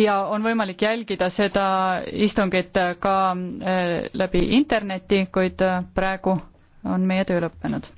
ja on võimalik jälgida seda istungit ka äh, läbi interneti, kuid äh, praegu on meie töö lõppenud